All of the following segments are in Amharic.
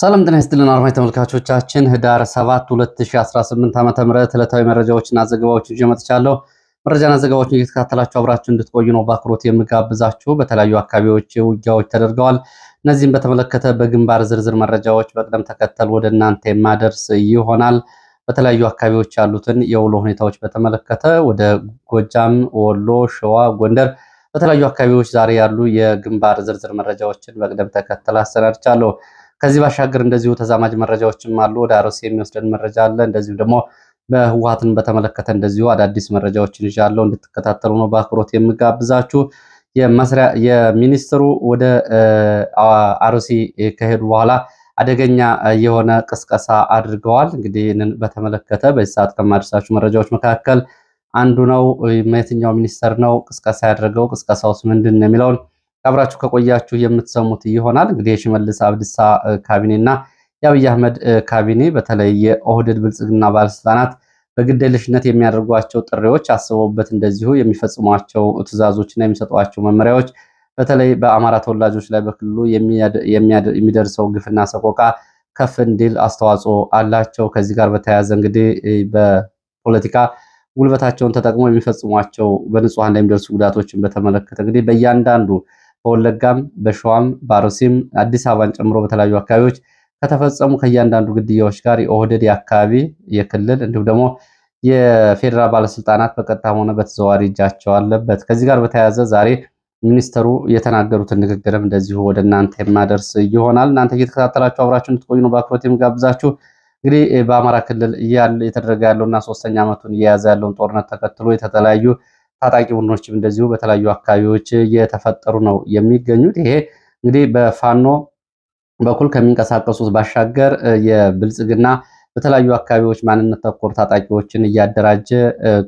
ሰላም ጤና ይስጥልን አርማይ ተመልካቾቻችን፣ ህዳር 7 2018 ዓ ም ዕለታዊ መረጃዎችና ዘገባዎችን ይዤ መጥቻለሁ። መረጃና ዘገባዎችን እየተከታተላችሁ አብራችሁ እንድትቆዩ ነው በአክብሮት የምጋብዛችሁ። በተለያዩ አካባቢዎች ውጊያዎች ተደርገዋል። እነዚህም በተመለከተ በግንባር ዝርዝር መረጃዎች በቅደም ተከተል ወደ እናንተ የማደርስ ይሆናል። በተለያዩ አካባቢዎች ያሉትን የውሎ ሁኔታዎች በተመለከተ ወደ ጎጃም፣ ወሎ፣ ሸዋ፣ ጎንደር በተለያዩ አካባቢዎች ዛሬ ያሉ የግንባር ዝርዝር መረጃዎችን በቅደም ተከተል አሰናድቻለሁ። ከዚህ ባሻገር እንደዚሁ ተዛማጅ መረጃዎችም አሉ። ወደ አርሲ የሚወስደን መረጃ አለ። እንደዚሁ ደግሞ በህወሓትን በተመለከተ እንደዚሁ አዳዲስ መረጃዎችን ይዣለሁ። እንድትከታተሉ ነው በአክብሮት የምጋብዛችሁ። የሚኒስትሩ ወደ አርሲ ከሄዱ በኋላ አደገኛ የሆነ ቅስቀሳ አድርገዋል። እንግዲህ ይህንን በተመለከተ በዚህ ሰዓት ከማድረሳችሁ መረጃዎች መካከል አንዱ ነው። የትኛው ሚኒስተር ነው ቅስቀሳ ያደረገው? ቅስቀሳውስ ምንድን ነው የሚለውን አብራችሁ ከቆያችሁ የምትሰሙት ይሆናል። እንግዲህ የሽመልስ አብዲሳ ካቢኔና የአብይ አህመድ ካቢኔ በተለይ የኦህደድ ብልጽግና ባለስልጣናት በግዴለሽነት የሚያደርጓቸው ጥሪዎች፣ አስበውበት እንደዚሁ የሚፈጽሟቸው ትዕዛዞችና የሚሰጧቸው መመሪያዎች በተለይ በአማራ ተወላጆች ላይ በክልሉ የሚደርሰው ግፍና ሰቆቃ ከፍ እንዲል አስተዋጽኦ አላቸው። ከዚህ ጋር በተያያዘ እንግዲህ በፖለቲካ ጉልበታቸውን ተጠቅሞ የሚፈጽሟቸው በንጹሐን ላይ የሚደርሱ ጉዳቶችን በተመለከተ እንግዲህ በእያንዳንዱ በወለጋም በሸዋም በአርሲም አዲስ አበባን ጨምሮ በተለያዩ አካባቢዎች ከተፈጸሙ ከእያንዳንዱ ግድያዎች ጋር የኦህደድ የአካባቢ የክልል እንዲሁም ደግሞ የፌዴራል ባለስልጣናት በቀጥታም ሆነ በተዘዋዋሪ እጃቸው አለበት። ከዚህ ጋር በተያያዘ ዛሬ ሚኒስተሩ የተናገሩትን ንግግርም እንደዚሁ ወደ እናንተ የማደርስ ይሆናል። እናንተ እየተከታተላችሁ አብራችሁ እንድትቆዩ ነው በአክብሮት የሚጋብዛችሁ። እንግዲህ በአማራ ክልል የተደረገ ያለውና ሶስተኛ ዓመቱን እየያዘ ያለውን ጦርነት ተከትሎ የተለያዩ ታጣቂ ቡድኖችም እንደዚሁ በተለያዩ አካባቢዎች እየተፈጠሩ ነው የሚገኙት። ይሄ እንግዲህ በፋኖ በኩል ከሚንቀሳቀሱት ባሻገር የብልጽግና በተለያዩ አካባቢዎች ማንነት ተኮር ታጣቂዎችን እያደራጀ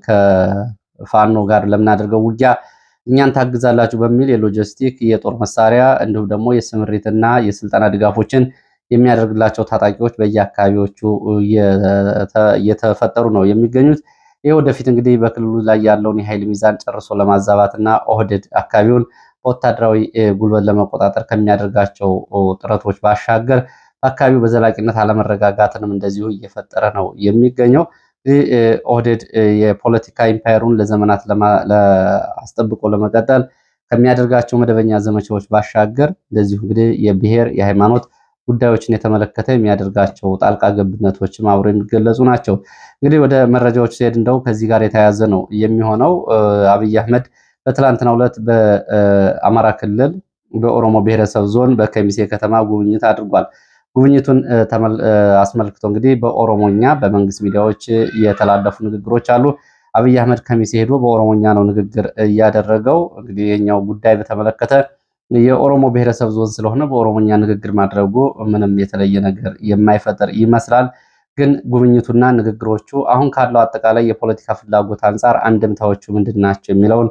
ከፋኖ ጋር ለምናደርገው ውጊያ እኛን ታግዛላችሁ በሚል የሎጂስቲክ የጦር መሳሪያ እንዲሁም ደግሞ የስምሪትና የስልጠና ድጋፎችን የሚያደርግላቸው ታጣቂዎች በየአካባቢዎቹ እየተፈጠሩ ነው የሚገኙት። ይህ ወደፊት እንግዲህ በክልሉ ላይ ያለውን የኃይል ሚዛን ጨርሶ ለማዛባትና ኦህዴድ አካባቢውን በወታደራዊ ጉልበት ለመቆጣጠር ከሚያደርጋቸው ጥረቶች ባሻገር በአካባቢው በዘላቂነት አለመረጋጋትንም እንደዚሁ እየፈጠረ ነው የሚገኘው። እንግዲህ የፖለቲካ ኢምፓየሩን ለዘመናት አስጠብቆ ለመቀጠል ከሚያደርጋቸው መደበኛ ዘመቻዎች ባሻገር እንደዚሁ እንግዲህ የብሔር የሃይማኖት ጉዳዮችን የተመለከተ የሚያደርጋቸው ጣልቃ ገብነቶችም አብሮ የሚገለጹ ናቸው። እንግዲህ ወደ መረጃዎች ሲሄድ እንደው ከዚህ ጋር የተያያዘ ነው የሚሆነው። አብይ አህመድ በትላንትናው ዕለት በአማራ ክልል በኦሮሞ ብሔረሰብ ዞን በከሚሴ ከተማ ጉብኝት አድርጓል። ጉብኝቱን አስመልክቶ እንግዲህ በኦሮሞኛ በመንግስት ሚዲያዎች የተላለፉ ንግግሮች አሉ። አብይ አህመድ ከሚሴ ሄዶ በኦሮሞኛ ነው ንግግር እያደረገው። እንግዲህ የኛው ጉዳይ በተመለከተ የኦሮሞ ብሔረሰብ ዞን ስለሆነ በኦሮሞኛ ንግግር ማድረጉ ምንም የተለየ ነገር የማይፈጠር ይመስላል። ግን ጉብኝቱና ንግግሮቹ አሁን ካለው አጠቃላይ የፖለቲካ ፍላጎት አንጻር አንድምታዎቹ ምንድን ናቸው የሚለውን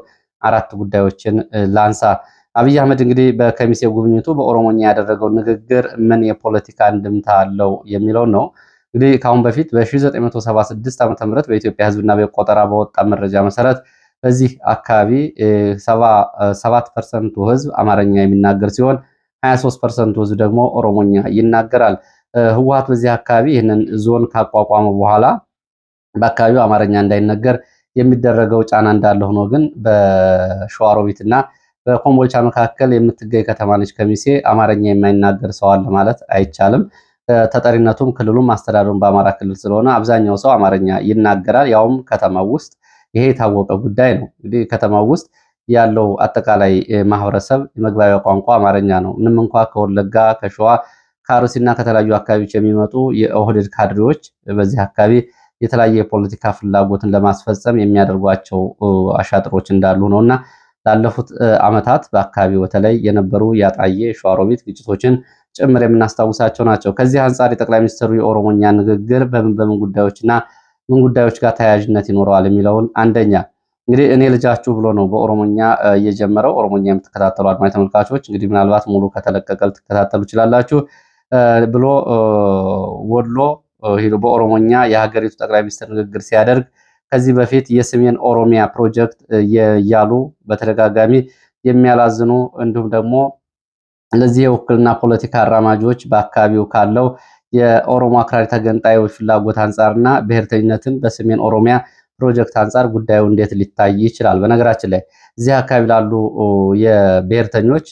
አራት ጉዳዮችን ላንሳ። አብይ አህመድ እንግዲህ በከሚሴ ጉብኝቱ በኦሮሞኛ ያደረገው ንግግር ምን የፖለቲካ አንድምታ አለው የሚለውን ነው። እንግዲህ ከአሁን በፊት በ1976 ዓ ም በኢትዮጵያ ሕዝብና በቆጠራ በወጣ መረጃ መሰረት በዚህ አካባቢ 7 ፐርሰንቱ ህዝብ አማርኛ የሚናገር ሲሆን 23 ፐርሰንቱ ህዝብ ደግሞ ኦሮሞኛ ይናገራል። ህወሀት በዚህ አካባቢ ይህንን ዞን ካቋቋመ በኋላ በአካባቢው አማርኛ እንዳይነገር የሚደረገው ጫና እንዳለ ሆኖ ግን በሸዋሮቢትና በኮምቦልቻ መካከል የምትገኝ ከተማ ነች ከሚሴ። አማርኛ የማይናገር ሰው አለ ማለት አይቻልም። ተጠሪነቱም ክልሉም አስተዳደሩም በአማራ ክልል ስለሆነ አብዛኛው ሰው አማርኛ ይናገራል፣ ያውም ከተማው ውስጥ ይሄ የታወቀ ጉዳይ ነው። እንግዲህ ከተማው ውስጥ ያለው አጠቃላይ ማህበረሰብ የመግባቢያ ቋንቋ አማርኛ ነው። ምንም እንኳ ከወለጋ ከሸዋ ከአርሲና ከተለያዩ አካባቢዎች የሚመጡ የኦህዴድ ካድሬዎች በዚህ አካባቢ የተለያየ የፖለቲካ ፍላጎትን ለማስፈጸም የሚያደርጓቸው አሻጥሮች እንዳሉ ነው እና ላለፉት ዓመታት በአካባቢው በተለይ የነበሩ ያጣየ ሸዋሮቢት ግጭቶችን ጭምር የምናስታውሳቸው ናቸው። ከዚህ አንጻር የጠቅላይ ሚኒስትሩ የኦሮሞኛ ንግግር በምን በምን ጉዳዮችና ምን ጉዳዮች ጋር ተያያዥነት ይኖረዋል የሚለውን አንደኛ እንግዲህ እኔ ልጃችሁ ብሎ ነው በኦሮሞኛ እየጀመረው። ኦሮሞኛ የምትከታተሉ አድማጭ ተመልካቾች እንግዲህ ምናልባት ሙሉ ከተለቀቀ ልትከታተሉ ይችላላችሁ ብሎ ወሎ በኦሮሞኛ የሀገሪቱ ጠቅላይ ሚኒስትር ንግግር ሲያደርግ ከዚህ በፊት የሰሜን ኦሮሚያ ፕሮጀክት እያሉ በተደጋጋሚ የሚያላዝኑ እንዲሁም ደግሞ ለዚህ የውክልና ፖለቲካ አራማጆች በአካባቢው ካለው የኦሮሞ አክራሪ ተገንጣዮች ፍላጎት አንጻርና ብሔርተኝነትን በሰሜን ኦሮሚያ ፕሮጀክት አንጻር ጉዳዩ እንዴት ሊታይ ይችላል? በነገራችን ላይ እዚህ አካባቢ ላሉ የብሔርተኞች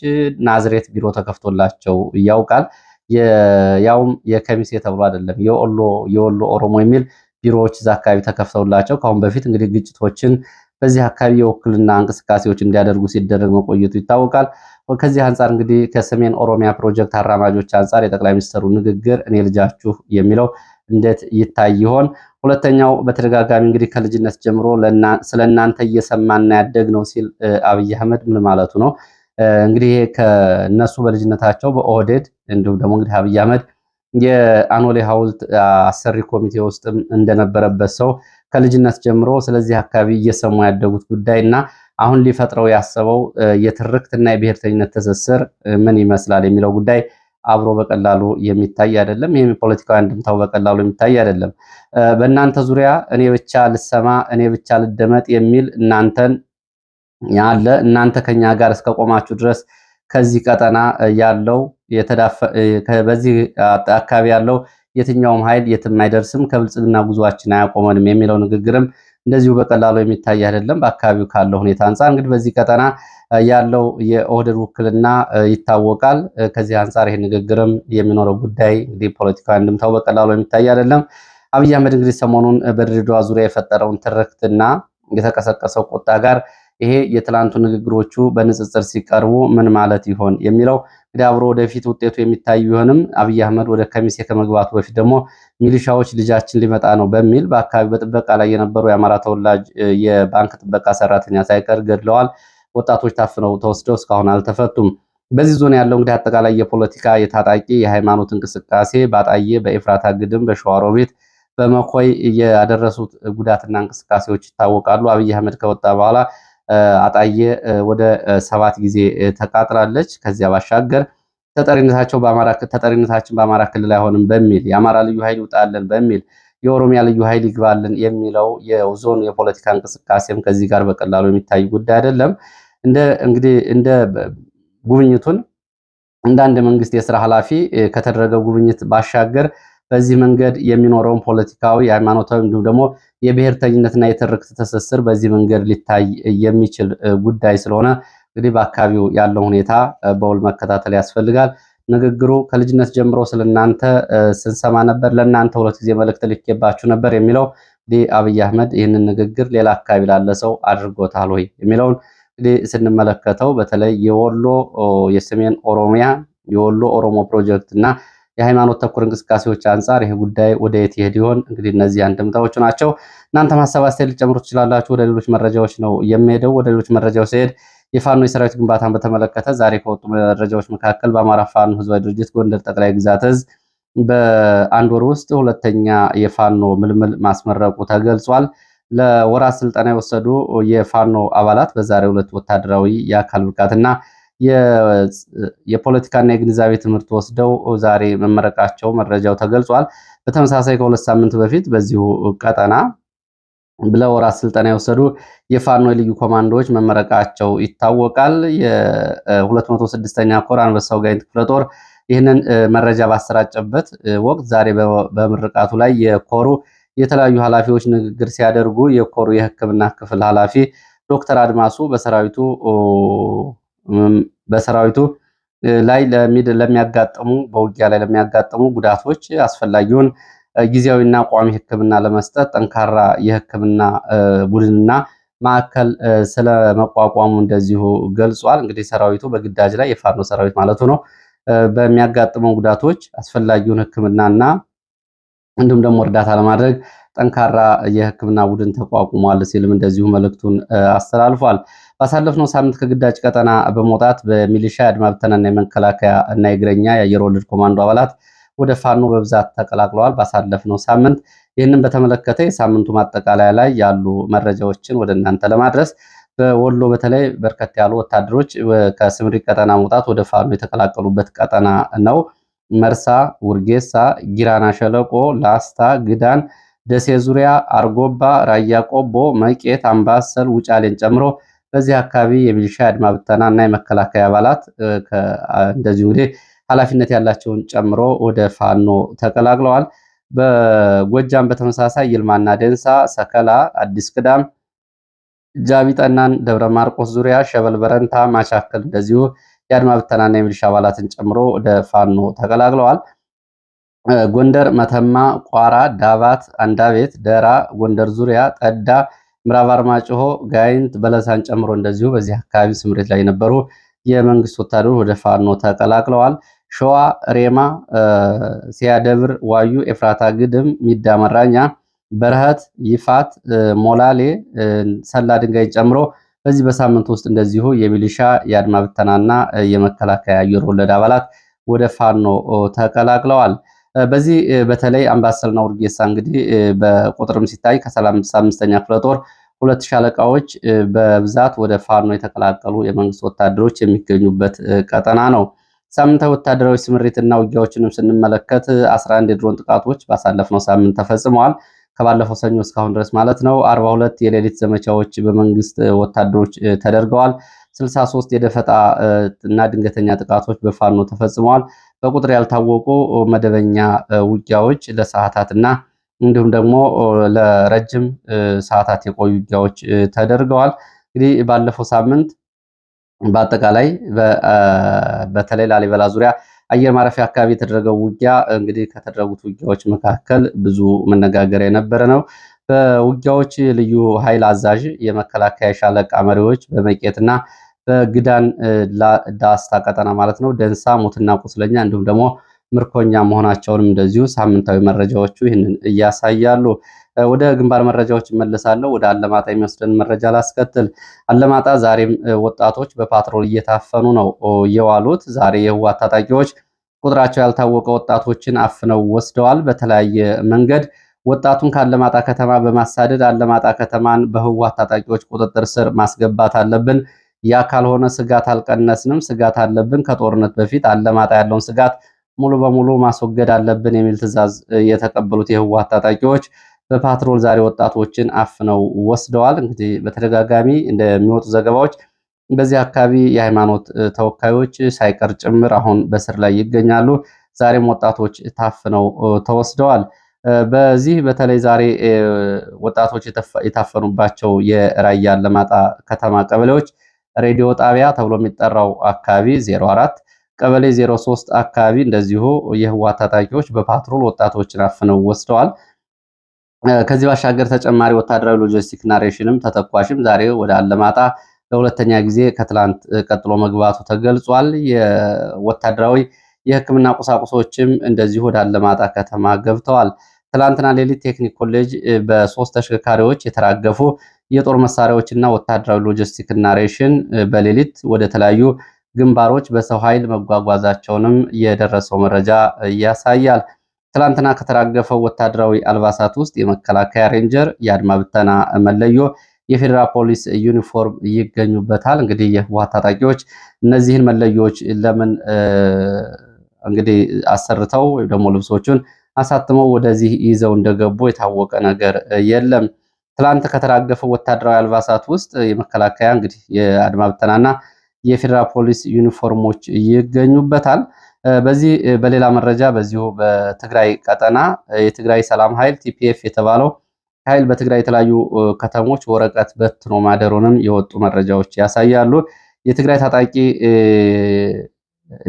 ናዝሬት ቢሮ ተከፍቶላቸው ያውቃል። ያውም የከሚሴ ተብሎ አይደለም የወሎ ኦሮሞ የሚል ቢሮዎች እዚ አካባቢ ተከፍተውላቸው ከአሁን በፊት እንግዲህ ግጭቶችን በዚህ አካባቢ የውክልና እንቅስቃሴዎች እንዲያደርጉ ሲደረግ መቆየቱ ይታወቃል። ከዚህ አንጻር እንግዲህ ከሰሜን ኦሮሚያ ፕሮጀክት አራማጆች አንጻር የጠቅላይ ሚኒስትሩ ንግግር እኔ ልጃችሁ የሚለው እንዴት ይታይ ይሆን? ሁለተኛው በተደጋጋሚ እንግዲህ ከልጅነት ጀምሮ ስለ እናንተ እየሰማና ያደግ ነው ሲል አብይ አህመድ ምን ማለቱ ነው? እንግዲህ ከነሱ በልጅነታቸው በኦህዴድ እንዲሁም ደግሞ እንግዲህ አብይ አህመድ የአኖሌ ሐውልት አሰሪ ኮሚቴ ውስጥም እንደነበረበት ሰው ከልጅነት ጀምሮ ስለዚህ አካባቢ እየሰሙ ያደጉት ጉዳይ እና አሁን ሊፈጥረው ያሰበው የትርክትና የብሔርተኝነት ትስስር ምን ይመስላል የሚለው ጉዳይ አብሮ በቀላሉ የሚታይ አይደለም። ይህም የፖለቲካዊ አንድምታው በቀላሉ የሚታይ አይደለም። በእናንተ ዙሪያ እኔ ብቻ ልሰማ፣ እኔ ብቻ ልደመጥ የሚል እናንተን ያለ እናንተ ከኛ ጋር እስከቆማችሁ ድረስ ከዚህ ቀጠና ያለው በዚህ አካባቢ ያለው የትኛውም ኃይል የትም አይደርስም፣ ከብልጽግና ጉዞችን አያቆመንም የሚለው ንግግርም እንደዚሁ በቀላሉ የሚታይ አይደለም። በአካባቢው ካለው ሁኔታ አንጻር እንግዲህ በዚህ ቀጠና ያለው የኦህደድ ውክልና ይታወቃል። ከዚህ አንጻር ይሄ ንግግርም የሚኖረው ጉዳይ እንግዲህ ፖለቲካዊ እንድምታው በቀላሉ የሚታይ አይደለም። አብይ አህመድ እንግዲህ ሰሞኑን በድሬዳዋ ዙሪያ የፈጠረውን ትርክትና የተቀሰቀሰው ቁጣ ጋር ይሄ የትላንቱ ንግግሮቹ በንጽጽር ሲቀርቡ ምን ማለት ይሆን የሚለው እንግዲህ አብሮ ወደፊት ውጤቱ የሚታይ ቢሆንም አብይ አህመድ ወደ ከሚሴ ከመግባቱ በፊት ደግሞ ሚሊሻዎች ልጃችን ሊመጣ ነው በሚል በአካባቢ በጥበቃ ላይ የነበሩ የአማራ ተወላጅ የባንክ ጥበቃ ሰራተኛ ሳይቀር ገድለዋል። ወጣቶች ታፍነው ተወስደው እስካሁን አልተፈቱም። በዚህ ዞን ያለው እንግዲህ አጠቃላይ የፖለቲካ የታጣቂ የሃይማኖት እንቅስቃሴ በአጣየ በኤፍራታ ግድም ቤት በመኮይ የደረሱት ጉዳትና እንቅስቃሴዎች ይታወቃሉ። አብይ አህመድ ከወጣ በኋላ አጣዬ ወደ ሰባት ጊዜ ተቃጥላለች። ከዚያ ባሻገር ተጠሪነታቸው በአማራ ተጠሪነታችን በአማራ ክልል አይሆንም በሚል የአማራ ልዩ ኃይል ይውጣልን በሚል የኦሮሚያ ልዩ ኃይል ይግባልን የሚለው የዞን የፖለቲካ እንቅስቃሴም ከዚህ ጋር በቀላሉ የሚታይ ጉዳይ አይደለም። እንደ እንግዲህ እንደ ጉብኝቱን እንደ አንድ መንግስት የስራ ኃላፊ ከተደረገው ጉብኝት ባሻገር በዚህ መንገድ የሚኖረውን ፖለቲካዊ፣ ሃይማኖታዊ እንዲሁም ደግሞ የብሔርተኝነትና የትርክት ትስስር በዚህ መንገድ ሊታይ የሚችል ጉዳይ ስለሆነ እንግዲህ በአካባቢው ያለው ሁኔታ በውል መከታተል ያስፈልጋል። ንግግሩ ከልጅነት ጀምሮ ስለእናንተ ስንሰማ ነበር፣ ለእናንተ ሁለት ጊዜ መልእክት ልኬባችሁ ነበር የሚለው እንግዲህ አብይ አህመድ ይህንን ንግግር ሌላ አካባቢ ላለ ሰው አድርጎታል ወይ የሚለውን እንግዲህ ስንመለከተው በተለይ የወሎ የሰሜን ኦሮሚያ የወሎ ኦሮሞ ፕሮጀክት እና የሃይማኖት ተኮር እንቅስቃሴዎች አንጻር ይህ ጉዳይ ወደ የት ይሄድ ይሆን? እንግዲህ እነዚህ አንድምታዎቹ ናቸው። እናንተ ሀሳብ አስተያየት ልጨምሩ ትችላላችሁ። ወደ ሌሎች መረጃዎች ነው የሚሄደው። ወደ ሌሎች መረጃዎች ሲሄድ የፋኖ የሰራዊት ግንባታን በተመለከተ ዛሬ ከወጡ መረጃዎች መካከል በአማራ ፋኖ ህዝባዊ ድርጅት ጎንደር ጠቅላይ ግዛት እዝ በአንድ ወር ውስጥ ሁለተኛ የፋኖ ምልምል ማስመረቁ ተገልጿል። ለወራት ስልጠና የወሰዱ የፋኖ አባላት በዛሬ ሁለት ወታደራዊ የአካል ብቃትና የፖለቲካና የግንዛቤ ትምህርት ወስደው ዛሬ መመረቃቸው መረጃው ተገልጿል። በተመሳሳይ ከሁለት ሳምንት በፊት በዚሁ ቀጠና ወራት ስልጠና የወሰዱ የፋኖ ልዩ ኮማንዶዎች መመረቃቸው ይታወቃል። የ206ኛ ኮር አንበሳው ጋይንት ክፍለ ጦር ይህንን መረጃ ባሰራጨበት ወቅት ዛሬ በምርቃቱ ላይ የኮሩ የተለያዩ ኃላፊዎች ንግግር ሲያደርጉ የኮሩ የሕክምና ክፍል ኃላፊ ዶክተር አድማሱ በሰራዊቱ በሰራዊቱ ላይ ለሚያጋጥሙ በውጊያ ላይ ለሚያጋጥሙ ጉዳቶች አስፈላጊውን ጊዜያዊና ቋሚ ሕክምና ለመስጠት ጠንካራ የሕክምና ቡድንና ማዕከል ስለመቋቋሙ እንደዚሁ ገልጿል። እንግዲህ ሰራዊቱ በግዳጅ ላይ የፋኖ ሰራዊት ማለቱ ነው። በሚያጋጥመው ጉዳቶች አስፈላጊውን ሕክምናና እንዲሁም ደግሞ እርዳታ ለማድረግ ጠንካራ የሕክምና ቡድን ተቋቁሟል ሲልም እንደዚሁ መልእክቱን አስተላልፏል። ባሳለፍነው ሳምንት ከግዳጅ ቀጠና በመውጣት በሚሊሻ የአድማ ብተናና የመከላከያ እና የእግረኛ የአየር ወለድ ኮማንዶ አባላት ወደ ፋኖ በብዛት ተቀላቅለዋል። ባሳለፍነው ሳምንት ይህንን በተመለከተ የሳምንቱ ማጠቃለያ ላይ ያሉ መረጃዎችን ወደ እናንተ ለማድረስ በወሎ በተለይ በርከት ያሉ ወታደሮች ከስምሪ ቀጠና መውጣት ወደ ፋኖ የተቀላቀሉበት ቀጠና ነው። መርሳ፣ ውርጌሳ፣ ጊራና ሸለቆ፣ ላስታ፣ ግዳን፣ ደሴ ዙሪያ፣ አርጎባ፣ ራያ ቆቦ፣ መቄት፣ አምባሰል፣ ውጫሌን ጨምሮ በዚህ አካባቢ የሚሊሻ አድማ ብተና እና የመከላከያ አባላት እንደዚሁ እንግዲህ ኃላፊነት ያላቸውን ጨምሮ ወደ ፋኖ ተቀላቅለዋል። በጎጃም በተመሳሳይ ይልማና ደንሳ፣ ሰከላ፣ አዲስ ቅዳም፣ ጃቢጠናን፣ ደብረ ማርቆስ ዙሪያ፣ ሸበል በረንታ፣ ማቻከል እንደዚሁ የአድማ ብተናና የሚሊሻ አባላትን ጨምሮ ወደ ፋኖ ተቀላቅለዋል። ጎንደር መተማ፣ ቋራ፣ ዳባት፣ አንዳቤት፣ ደራ፣ ጎንደር ዙሪያ፣ ጠዳ ምዕራብ አርማጭሆ፣ ጋይንት፣ በለሳን ጨምሮ እንደዚሁ በዚህ አካባቢ ስምሬት ላይ የነበሩ የመንግስት ወታደሮች ወደ ፋኖ ተቀላቅለዋል። ሸዋ፣ ሬማ፣ ሲያደብር፣ ዋዩ፣ ኤፍራታ ግድም፣ ሚዳ መራኛ፣ በረሀት፣ ይፋት፣ ሞላሌ፣ ሰላ ድንጋይን ጨምሮ በዚህ በሳምንት ውስጥ እንደዚሁ የሚሊሻ የአድማ ብተናና የመከላከያ አየር ወለድ አባላት ወደ ፋኖ ተቀላቅለዋል። በዚህ በተለይ አምባሰልና ውርጌሳ እንግዲህ በቁጥርም ሲታይ ከ35ኛ ክፍለ ጦር ሁለት ሻለቃዎች በብዛት ወደ ፋኖ የተቀላቀሉ የመንግስት ወታደሮች የሚገኙበት ቀጠና ነው። ሳምንታዊ ወታደራዊ ስምሪትና ውጊያዎችንም ስንመለከት 11 የድሮን ጥቃቶች ባሳለፍነው ሳምንት ተፈጽመዋል። ከባለፈው ሰኞ እስካሁን ድረስ ማለት ነው። 42 የሌሊት ዘመቻዎች በመንግስት ወታደሮች ተደርገዋል። 63 የደፈጣ እና ድንገተኛ ጥቃቶች በፋኖ ተፈጽመዋል። በቁጥር ያልታወቁ መደበኛ ውጊያዎች ለሰዓታት እና እንዲሁም ደግሞ ለረጅም ሰዓታት የቆዩ ውጊያዎች ተደርገዋል። እንግዲህ ባለፈው ሳምንት በአጠቃላይ በተለይ ላሊበላ ዙሪያ አየር ማረፊያ አካባቢ የተደረገው ውጊያ እንግዲህ ከተደረጉት ውጊያዎች መካከል ብዙ መነጋገር የነበረ ነው። በውጊያዎች ልዩ ኃይል አዛዥ የመከላከያ ሻለቃ መሪዎች በመቄትና በግዳን ዳስታ ቀጠና ማለት ነው ደንሳ ሞትና ቁስለኛ እንዲሁም ደግሞ ምርኮኛ መሆናቸውንም እንደዚሁ ሳምንታዊ መረጃዎቹ ይህንን እያሳያሉ። ወደ ግንባር መረጃዎች እመለሳለሁ። ወደ አለማጣ የሚወስደን መረጃ ላስከትል። አለማጣ ዛሬም ወጣቶች በፓትሮል እየታፈኑ ነው የዋሉት። ዛሬ የህወሓት ታጣቂዎች ቁጥራቸው ያልታወቀ ወጣቶችን አፍነው ወስደዋል። በተለያየ መንገድ ወጣቱን ከአለማጣ ከተማ በማሳደድ አለማጣ ከተማን በህወሓት ታጣቂዎች ቁጥጥር ስር ማስገባት አለብን ያ ካልሆነ ስጋት አልቀነስንም፣ ስጋት አለብን፣ ከጦርነት በፊት አለማጣ ያለውን ስጋት ሙሉ በሙሉ ማስወገድ አለብን የሚል ትዕዛዝ የተቀበሉት የህወሓት ታጣቂዎች በፓትሮል ዛሬ ወጣቶችን አፍነው ወስደዋል። እንግዲህ በተደጋጋሚ እንደሚወጡ ዘገባዎች በዚህ አካባቢ የሃይማኖት ተወካዮች ሳይቀር ጭምር አሁን በስር ላይ ይገኛሉ። ዛሬም ወጣቶች ታፍነው ተወስደዋል። በዚህ በተለይ ዛሬ ወጣቶች የታፈኑባቸው የራያ አላማጣ ከተማ ቀበሌዎች ሬዲዮ ጣቢያ ተብሎ የሚጠራው አካባቢ 04 ቀበሌ 03 አካባቢ እንደዚሁ የህወሓት ታጣቂዎች በፓትሮል ወጣቶችን አፍነው ወስደዋል። ከዚህ ባሻገር ተጨማሪ ወታደራዊ ሎጂስቲክ ናሬሽንም ተተኳሽም ዛሬ ወደ አለማጣ ለሁለተኛ ጊዜ ከትላንት ቀጥሎ መግባቱ ተገልጿል። የወታደራዊ የህክምና ቁሳቁሶችም እንደዚሁ ወደ አለማጣ ከተማ ገብተዋል። ትላንትና ሌሊት ቴክኒክ ኮሌጅ በሶስት ተሽከርካሪዎች የተራገፉ የጦር መሳሪያዎችና ወታደራዊ ሎጂስቲክና ሬሽን በሌሊት ወደ ተለያዩ ግንባሮች በሰው ኃይል መጓጓዛቸውንም የደረሰው መረጃ ያሳያል። ትላንትና ከተራገፈው ወታደራዊ አልባሳት ውስጥ የመከላከያ ሬንጀር፣ የአድማ ብተና መለዮ፣ የፌዴራል ፖሊስ ዩኒፎርም ይገኙበታል። እንግዲህ የህወሓት ታጣቂዎች እነዚህን መለዮች ለምን እንግዲህ አሰርተው ወይም ደግሞ ልብሶቹን አሳትመው ወደዚህ ይዘው እንደገቡ የታወቀ ነገር የለም። ትላንት ከተራገፈው ወታደራዊ አልባሳት ውስጥ የመከላከያ እንግዲህ የአድማ ብተናና የፌዴራል ፖሊስ ዩኒፎርሞች ይገኙበታል። በዚህ በሌላ መረጃ በዚሁ በትግራይ ቀጠና የትግራይ ሰላም ኃይል ቲፒኤፍ የተባለው ኃይል በትግራይ የተለያዩ ከተሞች ወረቀት በትኖ ማደሩንም የወጡ መረጃዎች ያሳያሉ። የትግራይ ታጣቂ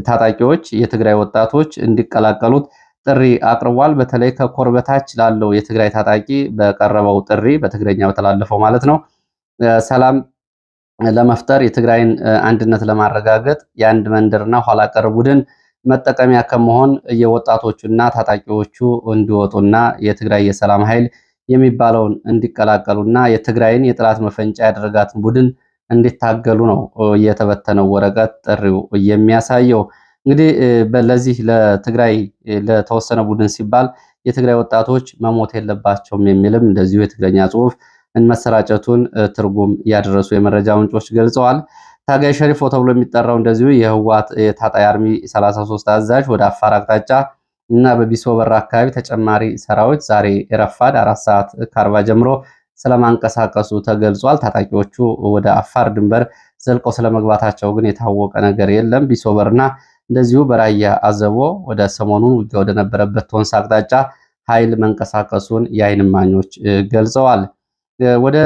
ታጣቂዎች የትግራይ ወጣቶች እንዲቀላቀሉት ጥሪ አቅርቧል። በተለይ ከኮር በታች ላለው የትግራይ ታጣቂ በቀረበው ጥሪ በትግረኛ በተላለፈው ማለት ነው ሰላም ለመፍጠር የትግራይን አንድነት ለማረጋገጥ የአንድ መንደርና ኋላ ቀር ቡድን መጠቀሚያ ከመሆን የወጣቶቹና ታጣቂዎቹ እንዲወጡና የትግራይ የሰላም ኃይል የሚባለውን እንዲቀላቀሉና የትግራይን የጥላት መፈንጫ ያደረጋትን ቡድን እንዲታገሉ ነው የተበተነው ወረቀት ጥሪው የሚያሳየው። እንግዲህ ለዚህ ለትግራይ ለተወሰነ ቡድን ሲባል የትግራይ ወጣቶች መሞት የለባቸውም የሚልም እንደዚሁ የትግረኛ ጽሁፍ መሰራጨቱን ትርጉም ያደረሱ የመረጃ ምንጮች ገልጸዋል። ታጋይ ሸሪፎ ተብሎ የሚጠራው እንደዚሁ የህወሓት የታጣይ አርሚ 33 አዛዥ ወደ አፋር አቅጣጫ እና በቢሶ በራ አካባቢ ተጨማሪ ሰራዊት ዛሬ ረፋድ አራት ሰዓት ከአርባ ጀምሮ ስለማንቀሳቀሱ ተገልጿል። ታጣቂዎቹ ወደ አፋር ድንበር ዘልቀው ስለመግባታቸው ግን የታወቀ ነገር የለም። ቢሶበርና እንደዚሁ በራያ አዘቦ ወደ ሰሞኑን ውጊያ ወደነበረበት ቶንስ አቅጣጫ ኃይል መንቀሳቀሱን የዓይን እማኞች ገልጸዋል። ወደ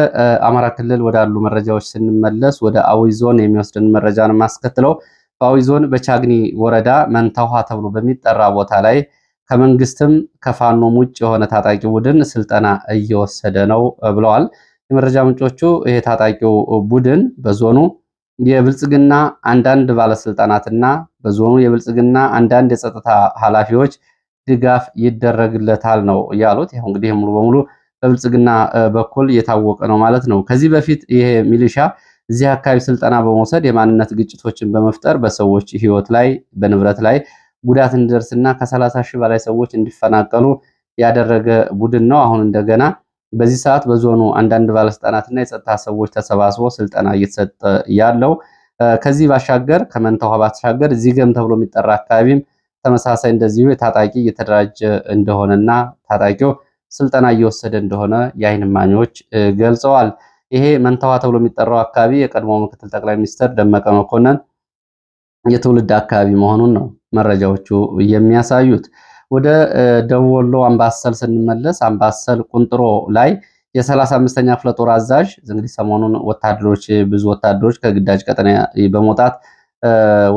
አማራ ክልል ወዳሉ መረጃዎች ስንመለስ ወደ አዊ ዞን የሚወስድን ነው ማስከትለው በአዊ ዞን በቻግኒ ወረዳ መንታ ውሃ ተብሎ በሚጠራ ቦታ ላይ ከመንግስትም ከፋኖም ውጭ የሆነ ታጣቂ ቡድን ስልጠና እየወሰደ ነው ብለዋል የመረጃ ምንጮቹ። ይሄ ታጣቂው ቡድን በዞኑ የብልጽግና አንዳንድ ባለስልጣናትና በዞኑ የብልጽግና አንዳንድ የጸጥታ ኃላፊዎች ድጋፍ ይደረግለታል ነው ያሉት። ይኸው እንግዲህ ሙሉ በሙሉ በብልጽግና በኩል የታወቀ ነው ማለት ነው። ከዚህ በፊት ይሄ ሚሊሻ እዚህ አካባቢ ስልጠና በመውሰድ የማንነት ግጭቶችን በመፍጠር በሰዎች ህይወት ላይ በንብረት ላይ ጉዳት እንዲደርስና ከሰላሳ ሺህ በላይ ሰዎች እንዲፈናቀሉ ያደረገ ቡድን ነው። አሁን እንደገና በዚህ ሰዓት በዞኑ አንዳንድ ባለስልጣናትና የጸጥታ ሰዎች ተሰባስቦ ስልጠና እየተሰጠ ያለው። ከዚህ ባሻገር ውሃ ባሻገር ዚገም ተብሎ የሚጠራ አካባቢም ተመሳሳይ እንደዚሁ የታጣቂ እየተደራጀ እንደሆነና ታጣቂው ስልጠና እየወሰደ እንደሆነ የአይን እማኞች ገልጸዋል። ይሄ ውሃ ተብሎ የሚጠራው አካባቢ የቀድሞ ምክትል ጠቅላይ ሚኒስትር ደመቀ መኮንን የትውልድ አካባቢ መሆኑን ነው መረጃዎቹ የሚያሳዩት። ወደ ደቡብ ወሎ አምባሰል ስንመለስ አምባሰል ቁንጥሮ ላይ የሰላሳ አምስተኛ ክፍለ ጦር አዛዥ እንግዲህ ሰሞኑን ወታደሮች ብዙ ወታደሮች ከግዳጅ ቀጠና በመውጣት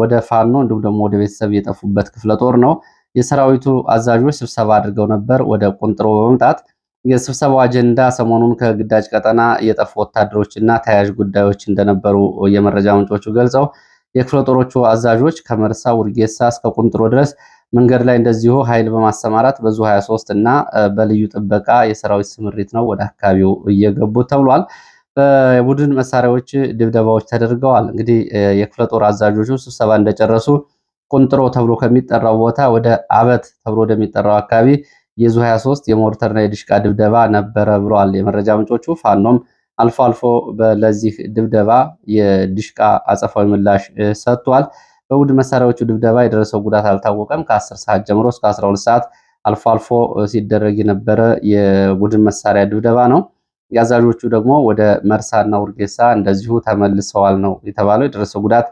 ወደ ፋኖ እንዲሁም ደግሞ ወደ ቤተሰብ የጠፉበት ክፍለ ጦር ነው። የሰራዊቱ አዛዦች ስብሰባ አድርገው ነበር። ወደ ቁንጥሮ በመምጣት የስብሰባው አጀንዳ ሰሞኑን ከግዳጅ ቀጠና የጠፉ ወታደሮች እና ተያያዥ ጉዳዮች እንደነበሩ የመረጃ ምንጮቹ ገልጸው የክፍለ ጦሮቹ አዛዦች ከመርሳ ውርጌሳ እስከ ቁንጥሮ ድረስ መንገድ ላይ እንደዚሁ ኃይል በማሰማራት በዙ 23 እና በልዩ ጥበቃ የሰራዊት ስምሪት ነው ወደ አካባቢው እየገቡ ተብሏል። በቡድን መሳሪያዎች ድብደባዎች ተደርገዋል። እንግዲህ የክፍለ ጦር አዛዦቹ ስብሰባ እንደጨረሱ ቁንጥሮ ተብሎ ከሚጠራው ቦታ ወደ አበት ተብሎ ወደሚጠራው አካባቢ የዙ 23 የሞርተርና የድሽቃ ድብደባ ነበረ ብለዋል የመረጃ ምንጮቹ። ፋኖም አልፎ አልፎ ለዚህ ድብደባ የድሽቃ አጸፋዊ ምላሽ ሰጥቷል። በቡድን መሳሪያዎቹ ድብደባ የደረሰው ጉዳት አልታወቀም። ከ10 ሰዓት ጀምሮ እስከ 12 ሰዓት አልፎ አልፎ ሲደረግ የነበረ የቡድን መሳሪያ ድብደባ ነው። የአዛዦቹ ደግሞ ወደ መርሳና ውርጌሳ እንደዚሁ ተመልሰዋል ነው የተባለው። የደረሰው ጉዳት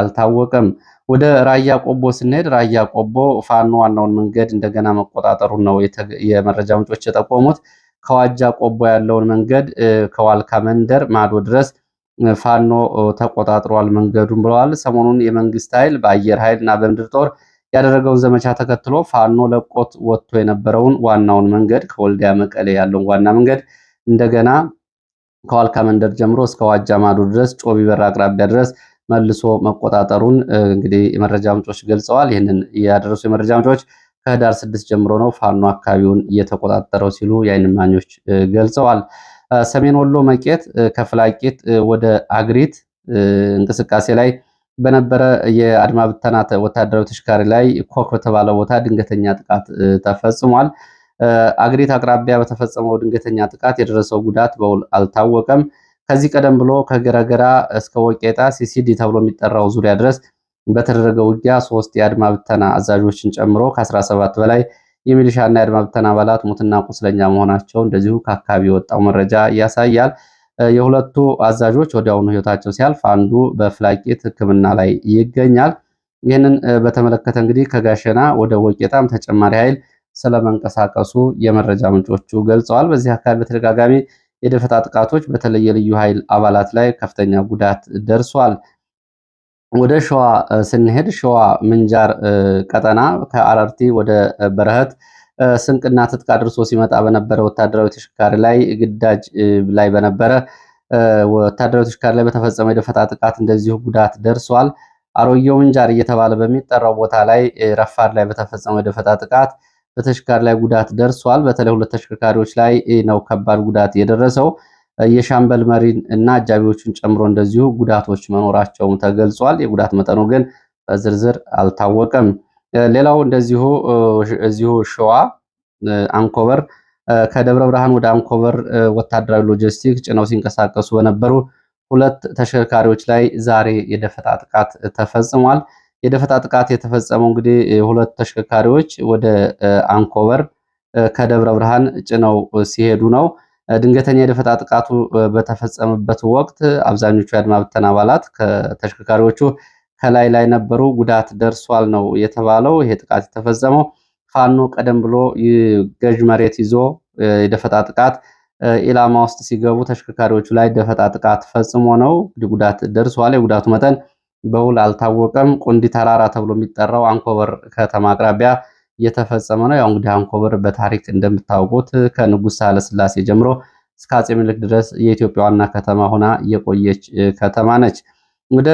አልታወቀም። ወደ ራያ ቆቦ ስንሄድ ራያ ቆቦ ፋኖ ዋናውን መንገድ እንደገና መቆጣጠሩን ነው የመረጃ ምንጮች የጠቆሙት። ከዋጃ ቆቦ ያለውን መንገድ ከዋልካ መንደር ማዶ ድረስ ፋኖ ተቆጣጥሯል መንገዱን ብለዋል። ሰሞኑን የመንግስት ኃይል በአየር ኃይል እና በምድር ጦር ያደረገውን ዘመቻ ተከትሎ ፋኖ ለቆት ወጥቶ የነበረውን ዋናውን መንገድ ከወልዲያ መቀሌ ያለውን ዋና መንገድ እንደገና ከዋልካ መንደር ጀምሮ እስከ ዋጃ ማዶ ድረስ ጮቢ በር አቅራቢያ ድረስ መልሶ መቆጣጠሩን እንግዲህ የመረጃ ምንጮች ገልጸዋል። ይህንን ያደረሱ የመረጃ ምንጮች ከህዳር ስድስት ጀምሮ ነው ፋኖ አካባቢውን እየተቆጣጠረው ሲሉ የአይንማኞች ገልጸዋል። ሰሜን ወሎ መቄት ከፍላቂት ወደ አግሪት እንቅስቃሴ ላይ በነበረ የአድማ ብተና ወታደራዊ ተሽካሪ ላይ ኮክ በተባለ ቦታ ድንገተኛ ጥቃት ተፈጽሟል። አግሪት አቅራቢያ በተፈጸመው ድንገተኛ ጥቃት የደረሰው ጉዳት በውል አልታወቀም። ከዚህ ቀደም ብሎ ከገረገራ እስከ ወቄጣ ሲሲዲ ተብሎ የሚጠራው ዙሪያ ድረስ በተደረገ ውጊያ ሶስት የአድማ ብተና አዛዦችን ጨምሮ ከ17 በላይ የሚሊሻና የአድማ ብተና አባላት ሙትና ቁስለኛ መሆናቸው እንደዚሁ ከአካባቢ የወጣው መረጃ ያሳያል። የሁለቱ አዛዦች ወዲያውኑ ህይወታቸው ሲያልፍ፣ አንዱ በፍላቂት ሕክምና ላይ ይገኛል። ይህንን በተመለከተ እንግዲህ ከጋሸና ወደ ወቄጣም ተጨማሪ ኃይል ስለመንቀሳቀሱ የመረጃ ምንጮቹ ገልጸዋል። በዚህ አካባቢ በተደጋጋሚ የደፈጣ ጥቃቶች በተለይ የልዩ ኃይል አባላት ላይ ከፍተኛ ጉዳት ደርሷል። ወደ ሸዋ ስንሄድ ሸዋ ምንጃር ቀጠና ከአራርቲ ወደ በረህት ስንቅና ትጥቅ አድርሶ ሲመጣ በነበረ ወታደራዊ ተሽከርካሪ ላይ ግዳጅ ላይ በነበረ ወታደራዊ ተሽከርካሪ ላይ በተፈጸመ የደፈጣ ጥቃት እንደዚሁ ጉዳት ደርሷል። አሮየው ምንጃር እየተባለ በሚጠራው ቦታ ላይ ረፋድ ላይ በተፈጸመ የደፈጣ ጥቃት በተሽከርካሪ ላይ ጉዳት ደርሷል። በተለይ ሁለት ተሽከርካሪዎች ላይ ነው ከባድ ጉዳት የደረሰው። የሻምበል መሪን እና አጃቢዎቹን ጨምሮ እንደዚሁ ጉዳቶች መኖራቸውም ተገልጿል። የጉዳት መጠኑ ግን በዝርዝር አልታወቀም። ሌላው እንደዚሁ እዚሁ ሸዋ አንኮበር ከደብረ ብርሃን ወደ አንኮበር ወታደራዊ ሎጂስቲክ ጭነው ሲንቀሳቀሱ በነበሩ ሁለት ተሽከርካሪዎች ላይ ዛሬ የደፈጣ ጥቃት ተፈጽሟል። የደፈጣ ጥቃት የተፈጸመው እንግዲህ ሁለት ተሽከርካሪዎች ወደ አንኮበር ከደብረ ብርሃን ጭነው ሲሄዱ ነው። ድንገተኛ የደፈጣ ጥቃቱ በተፈጸመበት ወቅት አብዛኞቹ የአድማ ብተና አባላት ከተሽከርካሪዎቹ ከላይ ላይ ነበሩ። ጉዳት ደርሷል ነው የተባለው። ይሄ ጥቃት የተፈጸመው ፋኖ ቀደም ብሎ ገዥ መሬት ይዞ የደፈጣ ጥቃት ኢላማ ውስጥ ሲገቡ ተሽከርካሪዎቹ ላይ ደፈጣ ጥቃት ፈጽሞ ነው። ጉዳት ደርሷል። የጉዳቱ መጠን በውል አልታወቀም። ቁንዲ ተራራ ተብሎ የሚጠራው አንኮበር ከተማ አቅራቢያ እየተፈጸመ ነው። ያው እንግዲህ አንኮበር በታሪክ እንደምታውቁት ከንጉሥ ሳህለስላሴ ጀምሮ እስከ አጼ ምኒልክ ድረስ የኢትዮጵያ ዋና ከተማ ሆና የቆየች ከተማ ነች። ወደ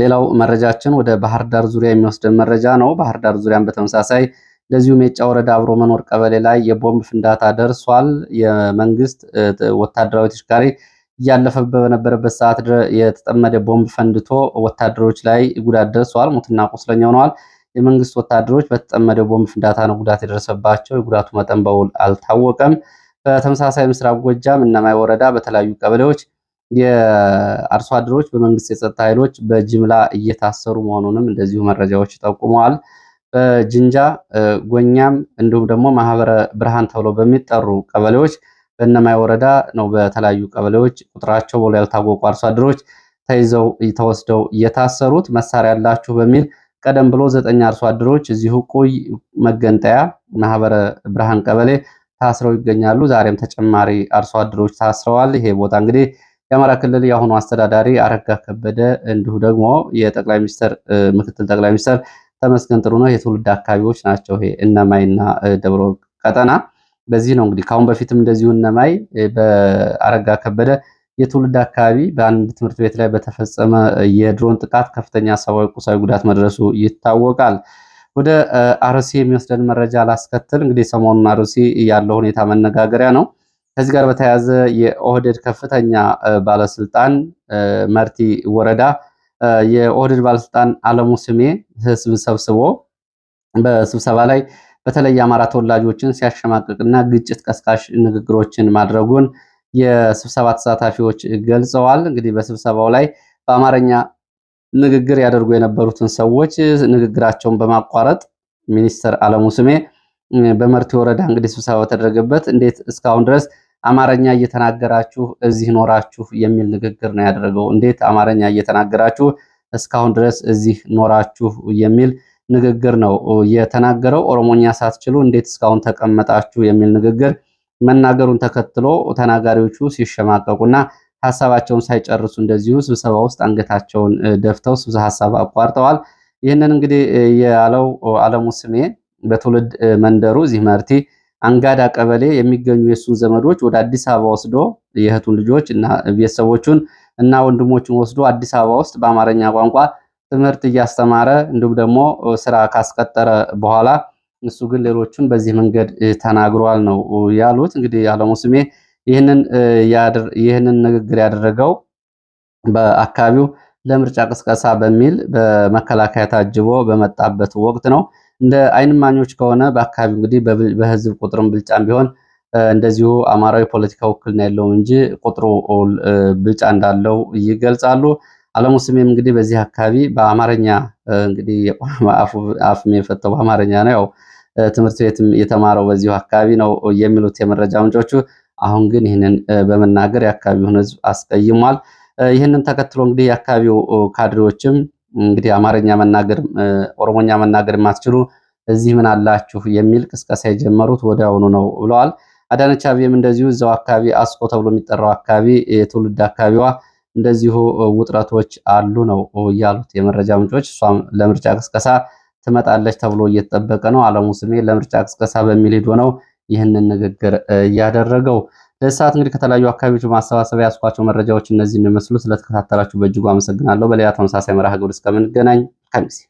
ሌላው መረጃችን ወደ ባህር ዳር ዙሪያ የሚወስደን መረጃ ነው። ባህር ዳር ዙሪያን በተመሳሳይ ለዚሁ ሜጫ ወረዳ አብሮ መኖር ቀበሌ ላይ የቦምብ ፍንዳታ ደርሷል። የመንግስት ወታደራዊ ተሽከርካሪ እያለፈ በነበረበት ሰዓት የተጠመደ ቦምብ ፈንድቶ ወታደሮች ላይ ጉዳት ደርሷል። ሞትና ቁስለኛ ሆነዋል። የመንግስት ወታደሮች በተጠመደ ቦምብ ፍንዳታ ነው ጉዳት የደረሰባቸው። የጉዳቱ መጠን በውል አልታወቀም። በተመሳሳይ ምስራቅ ጎጃም እነማይ ወረዳ በተለያዩ ቀበሌዎች የአርሶ አደሮች በመንግስት የጸጥታ ኃይሎች በጅምላ እየታሰሩ መሆኑንም እንደዚሁ መረጃዎች ጠቁመዋል። በጅንጃ ጎኛም፣ እንዲሁም ደግሞ ማህበረ ብርሃን ተብሎ በሚጠሩ ቀበሌዎች በእነማይ ወረዳ ነው በተለያዩ ቀበሌዎች ቁጥራቸው በውል ያልታወቁ አርሶ አደሮች ተይዘው ተወስደው እየታሰሩት መሳሪያ ያላችሁ በሚል ቀደም ብሎ ዘጠኝ አርሶ አደሮች እዚሁ ቁይ መገንጠያ ማህበረ ብርሃን ቀበሌ ታስረው ይገኛሉ። ዛሬም ተጨማሪ አርሶ አደሮች ታስረዋል። ይሄ ቦታ እንግዲህ የአማራ ክልል የአሁኑ አስተዳዳሪ አረጋ ከበደ እንዲሁ ደግሞ የጠቅላይ ሚኒስትር ምክትል ጠቅላይ ሚኒስትር ተመስገን ጥሩነህ የትውልድ አካባቢዎች ናቸው። ይሄ እነማይና ደብረ ወርቅ ቀጠና በዚህ ነው እንግዲህ ከአሁን በፊትም እንደዚሁ እነማይ በአረጋ ከበደ የትውልድ አካባቢ በአንድ ትምህርት ቤት ላይ በተፈጸመ የድሮን ጥቃት ከፍተኛ ሰብአዊ፣ ቁሳዊ ጉዳት መድረሱ ይታወቃል። ወደ አርሲ የሚወስደን መረጃ ላስከትል። እንግዲህ ሰሞኑን አርሲ ያለው ሁኔታ መነጋገሪያ ነው። ከዚህ ጋር በተያያዘ የኦህደድ ከፍተኛ ባለስልጣን መርቲ ወረዳ የኦህደድ ባለስልጣን አለሙ ስሜ ህዝብ ሰብስቦ በስብሰባ ላይ በተለይ የአማራ ተወላጆችን ሲያሸማቅቅና ግጭት ቀስቃሽ ንግግሮችን ማድረጉን የስብሰባ ተሳታፊዎች ገልጸዋል። እንግዲህ በስብሰባው ላይ በአማርኛ ንግግር ያደርጉ የነበሩትን ሰዎች ንግግራቸውን በማቋረጥ ሚኒስትር አለሙ ስሜ በመርቲ ወረዳ እንግዲህ ስብሰባ በተደረገበት እንዴት እስካሁን ድረስ አማርኛ እየተናገራችሁ እዚህ ኖራችሁ የሚል ንግግር ነው ያደረገው። እንዴት አማርኛ እየተናገራችሁ እስካሁን ድረስ እዚህ ኖራችሁ የሚል ንግግር ነው የተናገረው። ኦሮሞኛ ሳትችሉ እንዴት እስካሁን ተቀመጣችሁ የሚል ንግግር መናገሩን ተከትሎ ተናጋሪዎቹ ሲሸማቀቁና ሀሳባቸውን ሳይጨርሱ እንደዚሁ ስብሰባ ውስጥ አንገታቸውን ደፍተው ሀሳብ አቋርጠዋል። ይህንን እንግዲህ ያለው አለሙ ስሜ በትውልድ መንደሩ እዚህ መርቲ አንጋዳ ቀበሌ የሚገኙ የእሱን ዘመዶች ወደ አዲስ አበባ ወስዶ የእህቱን ልጆች እና ቤተሰቦቹን እና ወንድሞቹን ወስዶ አዲስ አበባ ውስጥ በአማርኛ ቋንቋ ትምህርት እያስተማረ እንዲሁም ደግሞ ስራ ካስቀጠረ በኋላ እሱ ግን ሌሎቹን በዚህ መንገድ ተናግሯል ነው ያሉት። እንግዲህ አለሙ ስሜ ይህንን ንግግር ያደረገው በአካባቢው ለምርጫ ቅስቀሳ በሚል በመከላከያ ታጅቦ በመጣበት ወቅት ነው። እንደ አይንማኞች ከሆነ በአካባቢው እንግዲህ በህዝብ ቁጥርም ብልጫም ቢሆን እንደዚሁ አማራዊ ፖለቲካ ውክልና የለውም እንጂ ቁጥሩ ብልጫ እንዳለው ይገልጻሉ። አለሙ ስሜም እንግዲህ በዚህ አካባቢ በአማርኛ እንግዲህ አፍ የፈተው አማርኛ ነው ያው ትምህርት ቤት የተማረው በዚሁ አካባቢ ነው የሚሉት የመረጃ ምንጮቹ። አሁን ግን ይህንን በመናገር የአካባቢውን ሕዝብ አስቀይሟል። ይህንን ተከትሎ እንግዲህ የአካባቢው ካድሬዎችም እንግዲህ አማርኛ መናገር፣ ኦሮሞኛ መናገር የማትችሉ እዚህ ምን አላችሁ የሚል ቅስቀሳ የጀመሩት ወዲያውኑ ነው ብለዋል። አዳነች አቤቤም እንደዚሁ እዛው አካባቢ አስቆ ተብሎ የሚጠራው አካባቢ የትውልድ አካባቢዋ እንደዚሁ ውጥረቶች አሉ ነው ያሉት የመረጃ ምንጮች። እሷም ለምርጫ ቅስቀሳ ትመጣለች ተብሎ እየተጠበቀ ነው። አለሙ ስሜ ለምርጫ ቅስቀሳ በሚል ሄዶ ነው ይህንን ንግግር እያደረገው። ለሰዓት እንግዲህ ከተለያዩ አካባቢዎች በማሰባሰብ ያስኳቸው መረጃዎች እነዚህ እንደመስሉ ስለተከታተላችሁ በእጅጉ አመሰግናለሁ። በሌላ ተመሳሳይ መርሃ ግብር እስከምንገናኝ ከሚሴ